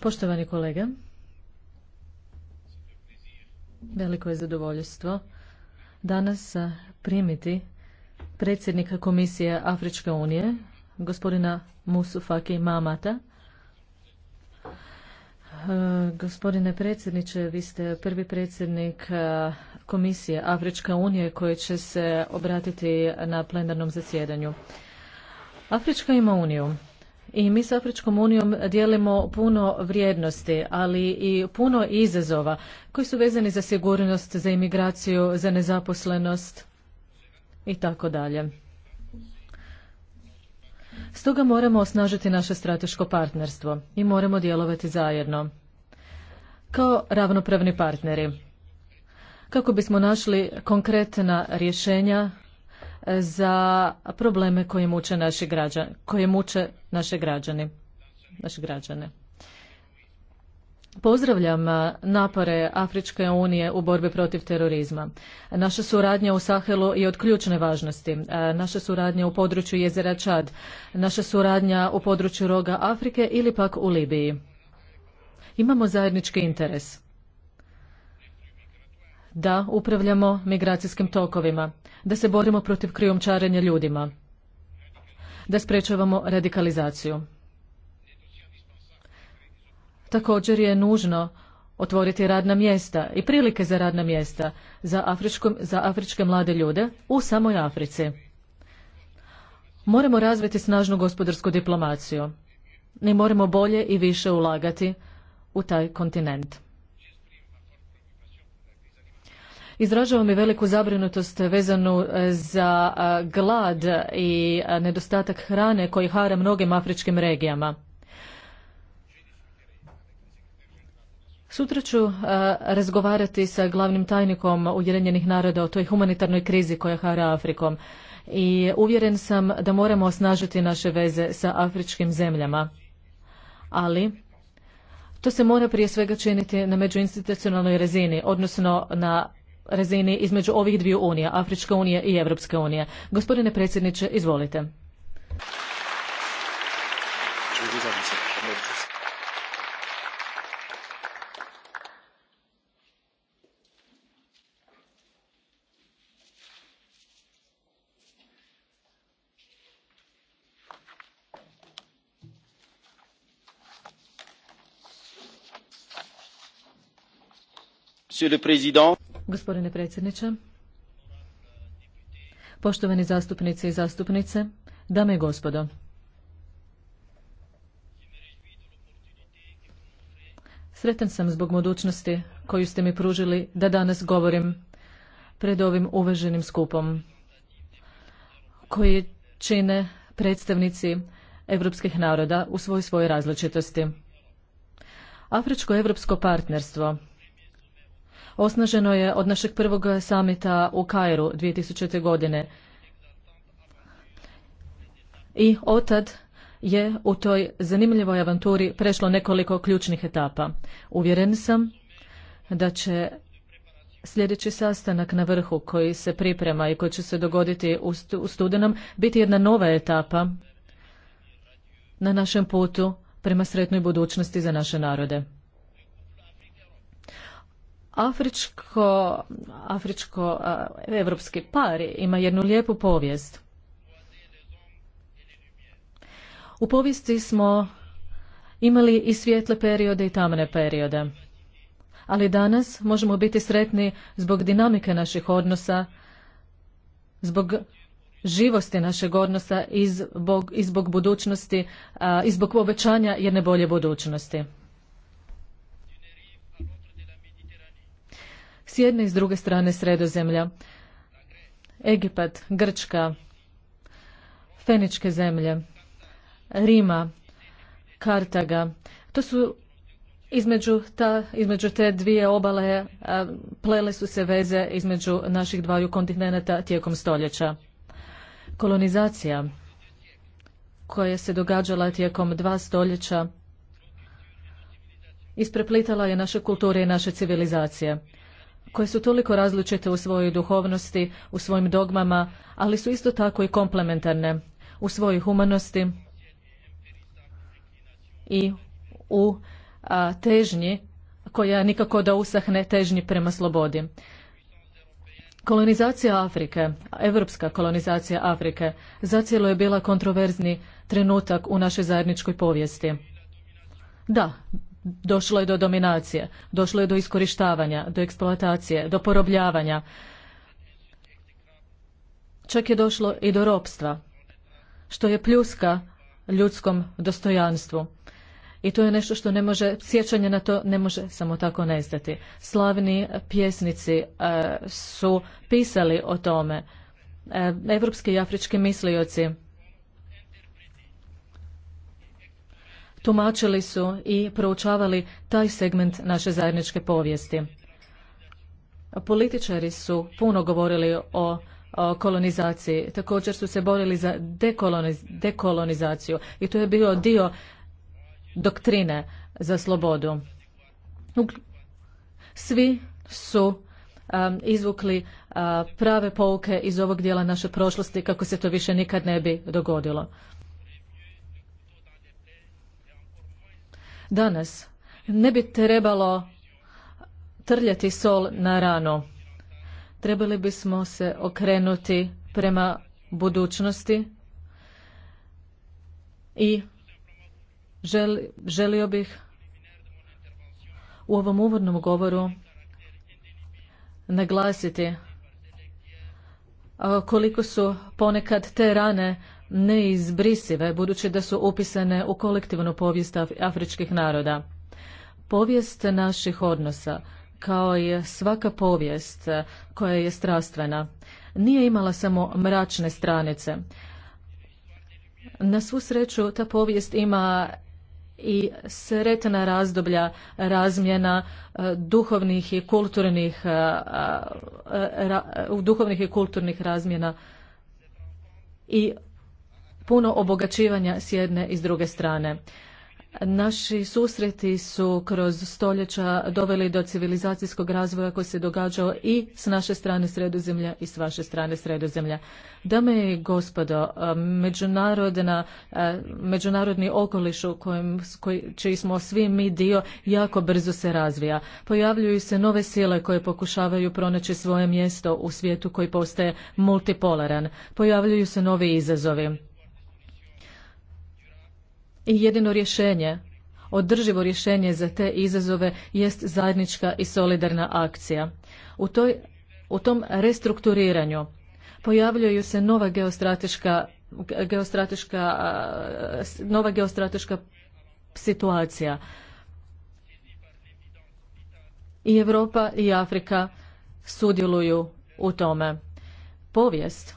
Poštovani kolega, veliko je zadovoljstvo danas primiti predsjednika Komisije Afričke unije, gospodina Musufaki Mamata. Gospodine predsjedniče, vi ste prvi predsjednik Komisije Afrička unije koji će se obratiti na plenarnom zasjedanju. Afrička ima uniju i mi s Afričkom unijom dijelimo puno vrijednosti, ali i puno izazova koji su vezani za sigurnost, za imigraciju, za nezaposlenost i tako dalje. Stoga moramo osnažiti naše strateško partnerstvo i moramo djelovati zajedno kao ravnopravni partneri kako bismo našli konkretna rješenja za probleme koje muče naši građani, koje muče naše građani, naše građane. Pozdravljam napore Afričke unije u borbi protiv terorizma. Naša suradnja u Sahelu je od ključne važnosti. Naša suradnja u području jezera Čad, naša suradnja u području roga Afrike ili pak u Libiji. Imamo zajednički interes da upravljamo migracijskim tokovima, da se borimo protiv krijumčarenja ljudima, da sprečavamo radikalizaciju. Također je nužno otvoriti radna mjesta i prilike za radna mjesta za, za afričke mlade ljude u samoj Africi. Moramo razviti snažnu gospodarsku diplomaciju. Ne moramo bolje i više ulagati u taj kontinent. Izražavam mi veliku zabrinutost vezanu e, za e, glad i e, nedostatak hrane koji hara mnogim afričkim regijama. Sutra ću razgovarati sa glavnim tajnikom Ujedinjenih naroda o toj humanitarnoj krizi koja hara Afrikom i uvjeren sam da moramo osnažiti naše veze sa afričkim zemljama. Ali to se mora prije svega činiti na međuinstitucionalnoj razini, odnosno na razini između ovih dviju unija, Afrička unija i Evropska unija. Gospodine predsjedniče, izvolite. Monsieur le Président, Gospodine predsjedniče, poštovani zastupnici i zastupnice, dame i gospodo. Sretan sam zbog mogućnosti koju ste mi pružili da danas govorim pred ovim uvaženim skupom koji čine predstavnici evropskih naroda u svoj svojoj različitosti. Afričko-evropsko partnerstvo osnaženo je od našeg prvog samita u Kairu 2000. godine. I otad je u toj zanimljivoj avanturi prešlo nekoliko ključnih etapa. Uvjeren sam da će sljedeći sastanak na vrhu koji se priprema i koji će se dogoditi u studenom biti jedna nova etapa na našem putu prema sretnoj budućnosti za naše narode. Afričko, afričko evropski par ima jednu lijepu povijest. U povijesti smo imali i svijetle periode i tamne periode. Ali danas možemo biti sretni zbog dinamike naših odnosa, zbog živosti našeg odnosa i zbog, i zbog budućnosti, i zbog obećanja jedne bolje budućnosti. s jedne i s druge strane sredozemlja. Egipat, Grčka, Feničke zemlje, Rima, Kartaga. To su između, ta, između te dvije obale plele su se veze između naših dvaju kontinenta tijekom stoljeća. Kolonizacija koja se događala tijekom dva stoljeća ispreplitala je naše kulture i naše civilizacije koje su toliko različite u svojoj duhovnosti, u svojim dogmama, ali su isto tako i komplementarne u svojoj humanosti i u težnji koja nikako da usahne težnji prema slobodi. Kolonizacija Afrike, evropska kolonizacija Afrike, zacijelo je bila kontroverzni trenutak u našoj zajedničkoj povijesti. Da, došlo je do dominacije, došlo je do iskorištavanja, do eksploatacije, do porobljavanja. Čak je došlo i do ropstva, što je pljuska ljudskom dostojanstvu. I to je nešto što ne može, sjećanje na to ne može samo tako nestati. Slavni pjesnici e, su pisali o tome. E, evropski i afrički mislioci tumačili su i proučavali taj segment naše zajedničke povijesti. Političari su puno govorili o kolonizaciji. Također su se borili za dekolonizaciju i to je bio dio doktrine za slobodu. Svi su um, izvukli uh, prave pouke iz ovog dijela naše prošlosti kako se to više nikad ne bi dogodilo. Danas ne bi trebalo trljati sol na ranu. Trebali bismo se okrenuti prema budućnosti i želio bih u ovom uvodnom govoru naglasiti koliko su ponekad te rane neizbrisive budući da su upisane u kolektivnu povijest afričkih naroda. Povijest naših odnosa, kao i svaka povijest eh, koja je strastvena, nije imala samo mračne stranice. Na svu sreću ta povijest ima i sretna razdoblja razmjena eh, duhovnih i kulturnih eh, duhovnih i kulturnih razmjena i puno obogaćivanja s jedne i s druge strane. Naši susreti su kroz stoljeća doveli do civilizacijskog razvoja koji se događao i s naše strane sredozemlja i s vaše strane sredozemlja. Dame i gospodo, međunarodni okoliš u kojem, koji, čiji smo svi mi dio jako brzo se razvija. Pojavljuju se nove sile koje pokušavaju pronaći svoje mjesto u svijetu koji postaje multipolaran. Pojavljuju se novi izazovi. I jedino rješenje, održivo rješenje za te izazove jest zajednička i solidarna akcija. U, toj, u tom restrukturiranju pojavljuju se nova geostrateška, geostrateška, nova geostrateška situacija. I Europa i Afrika sudjeluju u tome. Povijest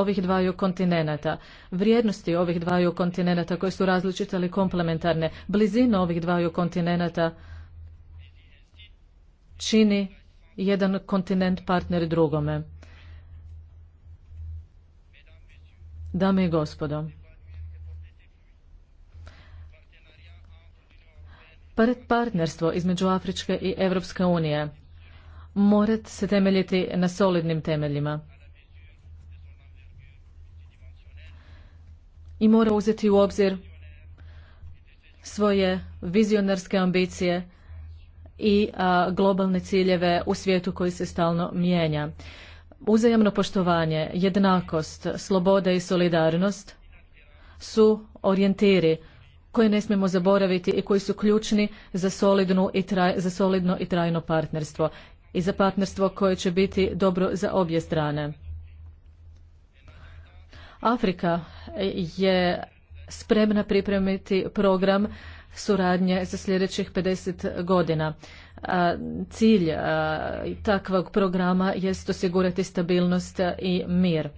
ovih dvaju kontinenata, vrijednosti ovih dvaju kontinenata koje su različite ali komplementarne, blizina ovih dvaju kontinenata čini jedan kontinent partner drugome. Dame i gospodo, partnerstvo između Afričke i Europske unije morat se temeljiti na solidnim temeljima. i mora uzeti u obzir svoje vizionarske ambicije i globalne ciljeve u svijetu koji se stalno mijenja. Uzajamno poštovanje, jednakost, sloboda i solidarnost su orijentiri koje ne smijemo zaboraviti i koji su ključni za, i za solidno i trajno partnerstvo i za partnerstvo koje će biti dobro za obje strane. Afrika je spremna pripremiti program suradnje za sljedećih 50 godina. Cilj takvog programa jest osigurati stabilnost i mir.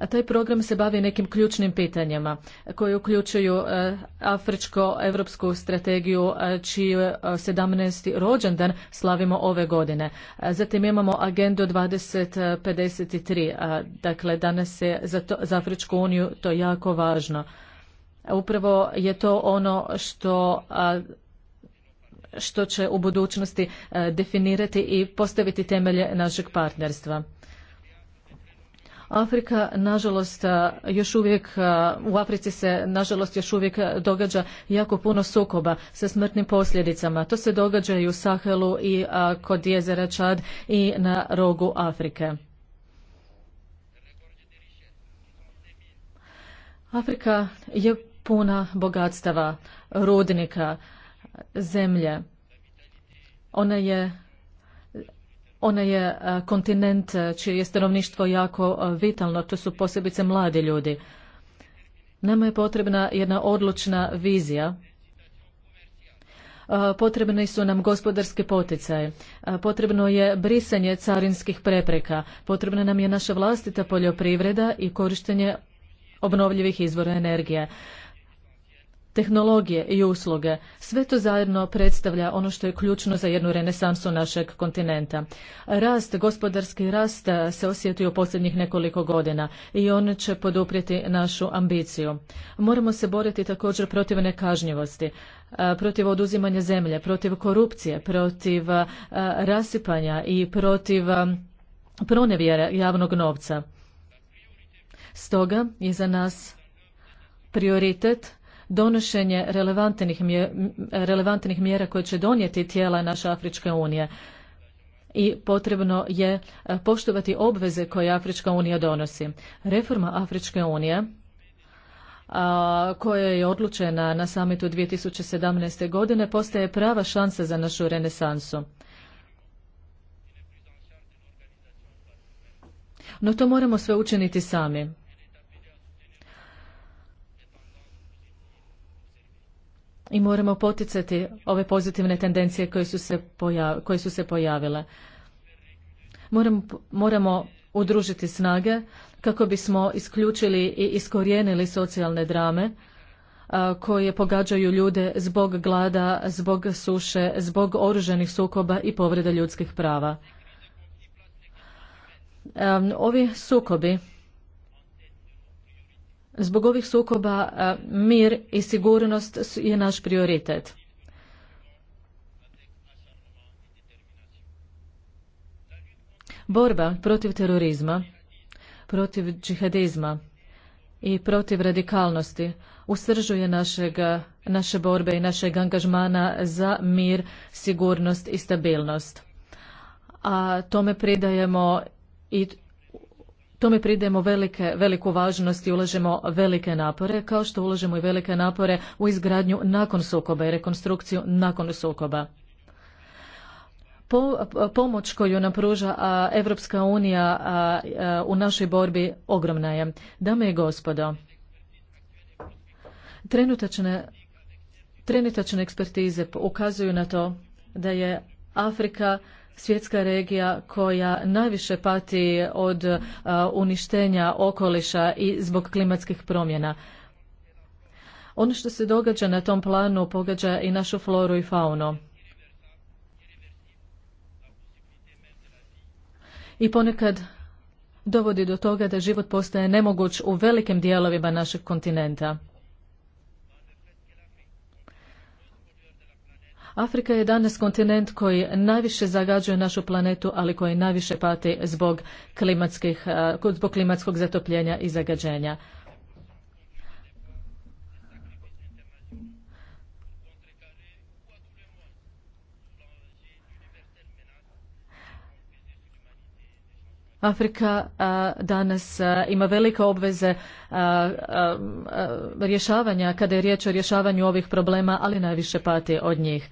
A Taj program se bavi nekim ključnim pitanjima koji uključuju e, afričko-evropsku strategiju e, čiji 17. E, rođendan slavimo ove godine. Zatim imamo agendu 2053. Dakle, danas je za, to, za Afričku uniju to jako važno. Upravo je to ono što što će u budućnosti definirati i postaviti temelje našeg partnerstva. Afrika, nažalost, još uvijek, u Africi se, nažalost, još uvijek događa jako puno sukoba sa smrtnim posljedicama. To se događa i u Sahelu i kod jezera Čad i na rogu Afrike. Afrika je puna bogatstava, rudnika, zemlje. Ona je ona je e, kontinent e, čije je stanovništvo jako e, vitalno, to su posebice mladi ljudi. Nama je potrebna jedna odlučna vizija. Potrebni su nam gospodarski poticaj, potrebno je brisanje carinskih prepreka, potrebna nam je naša vlastita poljoprivreda i korištenje obnovljivih izvora energije tehnologije i usluge. Sve to zajedno predstavlja ono što je ključno za jednu renesansu našeg kontinenta. Rast, gospodarski rast eh, se osjetio posljednjih nekoliko godina i on će poduprijeti našu ambiciju. Moramo se boriti također protiv nekažnjivosti eh, protiv oduzimanja zemlje, protiv korupcije, protiv eh, rasipanja i protiv pronevjera javnog novca. Stoga je za nas prioritet donošenje relevantnih, relevantnih mjera koje će donijeti tijela naše Afričke unije i potrebno je e, poštovati obveze koje Afrička unija donosi. Reforma Afričke unije koja je odlučena na samitu 2017. godine postaje prava šansa za našu renesansu. No to moramo sve učiniti sami. i moramo poticati ove pozitivne tendencije koje su se, su se pojavile. Moramo, moramo udružiti snage kako bismo isključili i iskorijenili socijalne drame koje pogađaju ljude zbog glada, zbog suše, zbog oruženih sukoba i povreda ljudskih prava. ovi sukobi Zbog ovih sukoba e, mir i sigurnost je naš prioritet. Borba protiv terorizma, protiv džihadizma i protiv radikalnosti usržuje naše borbe i našeg angažmana za mir, sigurnost i stabilnost. A tome pridajemo i Tome pridemo velike, veliku važnost i ulažemo velike napore, kao što ulažemo i velike napore u izgradnju nakon sukoba i rekonstrukciju nakon sukoba. Po, pomoć koju nam pruža a, Evropska unija u našoj borbi ogromna je. Dame i gospodo, trenutačne, trenutačne ekspertize ukazuju na to da je Afrika svjetska regija koja najviše pati od uništenja okoliša i zbog klimatskih promjena. Ono što se događa na tom planu pogađa i našu floru i faunu. I ponekad dovodi do toga da život postaje nemoguć u velikim dijelovima našeg kontinenta. Afrika je danas kontinent koji najviše zagađuje našu planetu, ali koji najviše pati zbog, klimatskih, eh, zbog klimatskog zatopljenja i zagađenja. Afrika danas ima velike obveze rješavanja kada je riječ o rješavanju ovih problema, ali najviše pati od njih.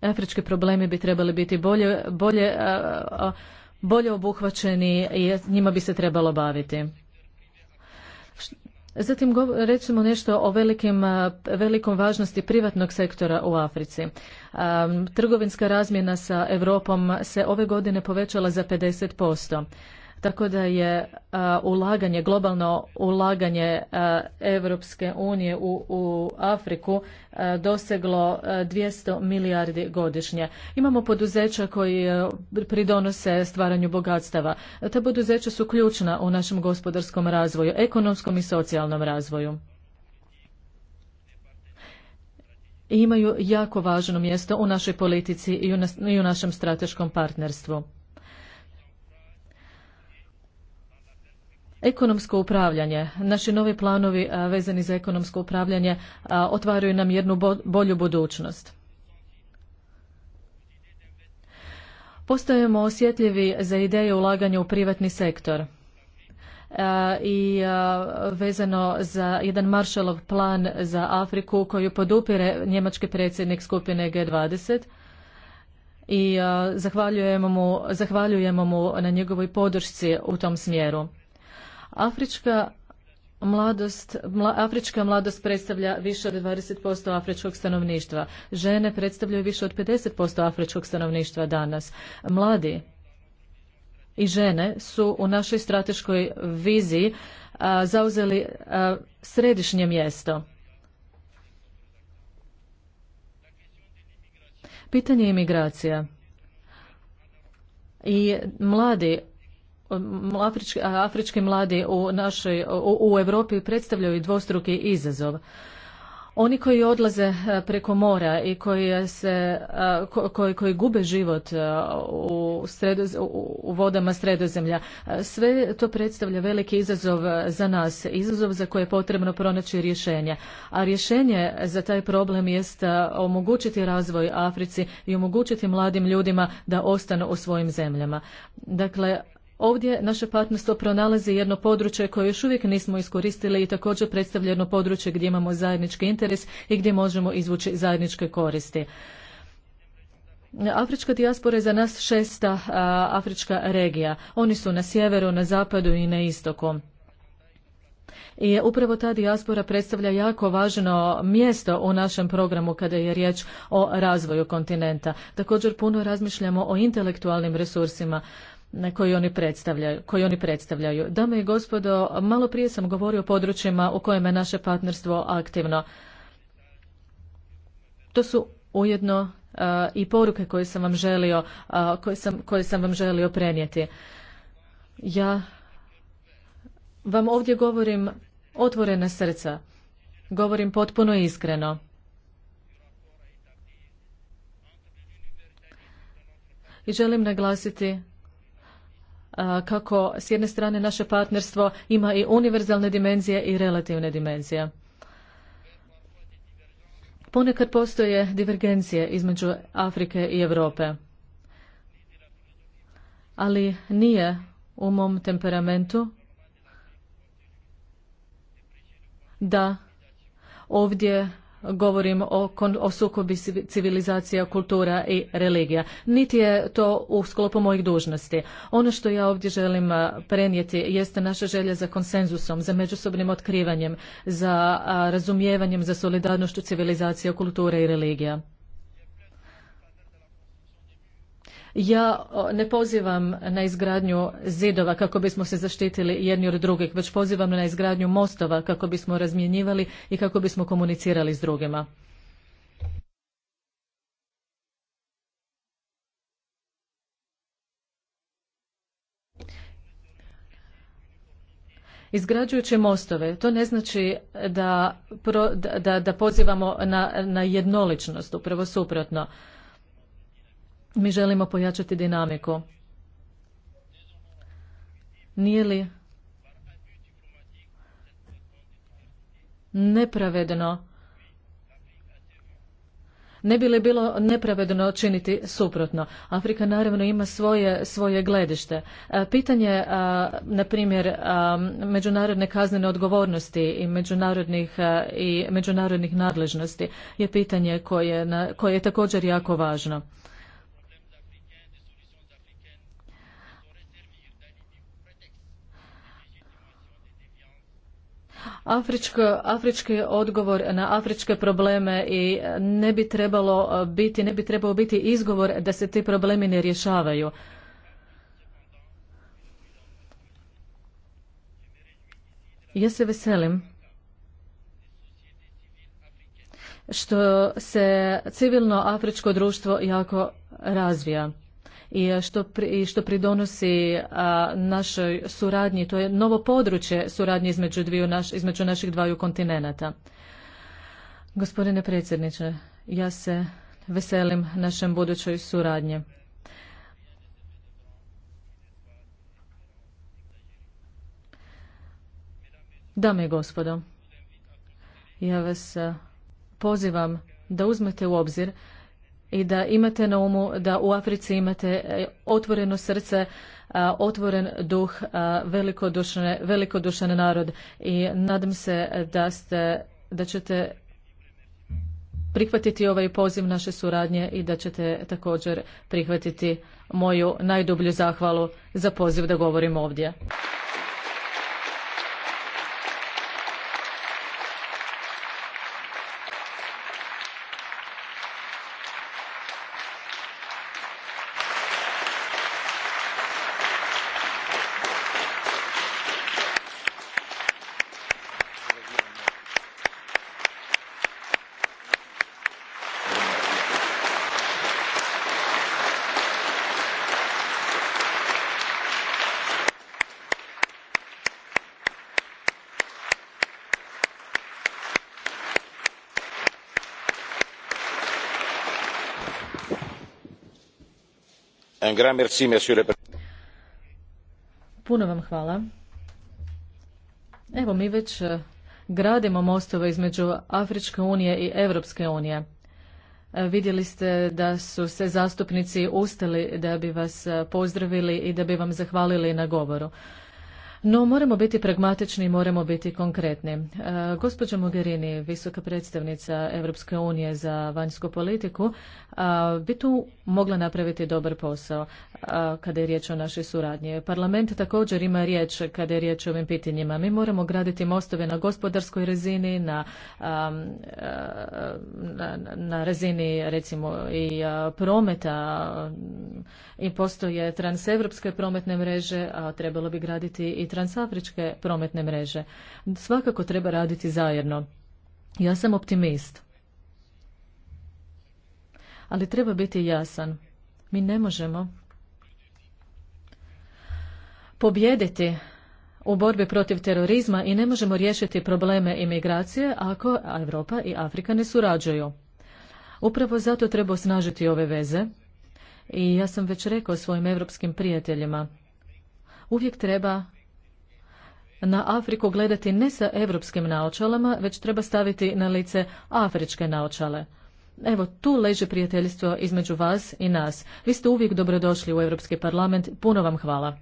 Afrički problemi bi trebali biti bolje, bolje, bolje obuhvaćeni i njima bi se trebalo baviti. Zatim recimo nešto o velikim, eh, velikom važnosti privatnog sektora u Africi. Eh, trgovinska razmjena sa Europom se ove godine povećala za 50%. Tako da je ulaganje, globalno ulaganje Europske unije u, Afriku doseglo 200 milijardi godišnje. Imamo poduzeća koji pridonose stvaranju bogatstava. Ta poduzeća su ključna u našem gospodarskom razvoju, ekonomskom i socijalnom razvoju. I imaju jako važno mjesto u našoj politici i u, i u našem strateškom partnerstvu. Ekonomsko upravljanje. Naši novi planovi vezani za ekonomsko upravljanje otvaraju nam jednu bolju budućnost. Postajemo osjetljivi za ideje ulaganja u privatni sektor i vezano za jedan Marshallov plan za Afriku koju podupire njemački predsjednik skupine G20 i zahvaljujemo mu, zahvaljujemo mu na njegovoj podršci u tom smjeru. Afrička Mladost, afrička mladost predstavlja više od 20% afričkog stanovništva. Žene predstavljaju više od 50% afričkog stanovništva danas. Mladi i žene su u našoj strateškoj viziji zauzeli središnje mjesto. Pitanje imigracija. I mladi Afrički, afrički mladi u, našoj, u, Europi predstavljaju dvostruki izazov. Oni koji odlaze e, preko mora i koji, se, e, koji, gube život e, u, u vodama sredozemlja, sve to predstavlja veliki izazov za nas, izazov za koje je potrebno pronaći rješenje. A rješenje za taj problem jest omogućiti razvoj Africi i omogućiti mladim ljudima da ostanu u svojim zemljama. Dakle, Ovdje naše partnerstvo pronalazi jedno područje koje još uvijek nismo iskoristili i također predstavlja jedno područje gdje imamo zajednički interes i gdje možemo izvući zajedničke koristi. Afrička dijaspora je za nas šesta afrička regija. Oni su na sjeveru, na zapadu i na istoku. I upravo ta dijaspora predstavlja jako važno mjesto u našem programu kada je riječ o razvoju kontinenta. Također puno razmišljamo o intelektualnim resursima na koji oni predstavljaju, koji oni predstavljaju. Dame i gospodo, malo prije sam govorio o područjima u kojima je naše partnerstvo aktivno. To su ujedno e, i poruke koje sam vam želio, koje, sam, koje sam vam želio prenijeti. Ja vam ovdje govorim otvorena srca. Govorim potpuno iskreno. I želim naglasiti kako s jedne strane naše partnerstvo ima i univerzalne dimenzije i relativne dimenzije. Ponekad postoje divergencije između Afrike i Europe, ali nije u mom temperamentu da ovdje govorim o, o sukobi civilizacija, kultura i religija. Niti je to u sklopu mojih dužnosti. Ono što ja ovdje želim prenijeti jeste naša želja za konsenzusom, za međusobnim otkrivanjem, za razumijevanjem, za solidarnošću civilizacija, kultura i religija. Ja ne pozivam na izgradnju zidova kako bismo se zaštitili jedni od drugih, već pozivam na izgradnju mostova kako bismo razmjenjivali i kako bismo komunicirali s drugima. Izgrađujući mostove, to ne znači da, da, da pozivamo na, na jednoličnost, upravo suprotno. Mi želimo pojačati dinamiku. Nije li nepravedno ne bi li bilo nepravedno činiti suprotno? Afrika naravno ima svoje, svoje gledište. E, pitanje, e, na primjer, e, međunarodne kaznene odgovornosti i međunarodnih, i međunarodnih nadležnosti je pitanje koje, koje je također jako važno. Afričko, afrički odgovor na afričke probleme i ne bi trebalo biti, ne bi trebao biti izgovor da se ti problemi ne rješavaju. Ja se veselim što se civilno afričko društvo jako razvija i što, pri, što pridonosi našoj suradnji. To je novo područje suradnje između, dviju naš, između naših dvaju kontinenata. Gospodine predsjedniče, ja se veselim našem budućoj suradnji. Dame i gospodo, ja vas pozivam da uzmete u obzir i da imate na umu da u Africi imate e, otvoreno srce, e, otvoren duh, e, velikodušan, velikodušan narod i nadam se da, ste, da ćete prihvatiti ovaj poziv naše suradnje i da ćete također prihvatiti moju najdublju zahvalu za poziv da govorim ovdje. Puno vam hvala. Evo mi već eh, gradimo mostove između Afričke unije i Europske unije. Eh, vidjeli ste da su se zastupnici ustali da bi vas eh, pozdravili i da bi vam zahvalili na govoru. No, moramo biti pragmatični i moramo biti konkretni. E, gospođa Mogherini, visoka predstavnica Europske unije za vanjsku politiku, e, bi tu mogla napraviti dobar posao e, kada je riječ o našoj suradnji. Parlament također ima riječ kada je riječ o ovim pitanjima. Mi moramo graditi mostove na gospodarskoj razini, na, e, na, na razini recimo i prometa i postoje transevropske prometne mreže, a trebalo bi graditi i transafričke prometne mreže. Svakako treba raditi zajedno. Ja sam optimist. Ali treba biti jasan. Mi ne možemo pobjediti u borbi protiv terorizma i ne možemo riješiti probleme imigracije ako Europa i Afrika ne surađuju. Upravo zato treba osnažiti ove veze i ja sam već rekao svojim europskim prijateljima. Uvijek treba na Afriku gledati ne sa evropskim naočalama, već treba staviti na lice afričke naočale. Evo, tu leži prijateljstvo između vas i nas. Vi ste uvijek dobrodošli u Europski parlament. Puno vam hvala.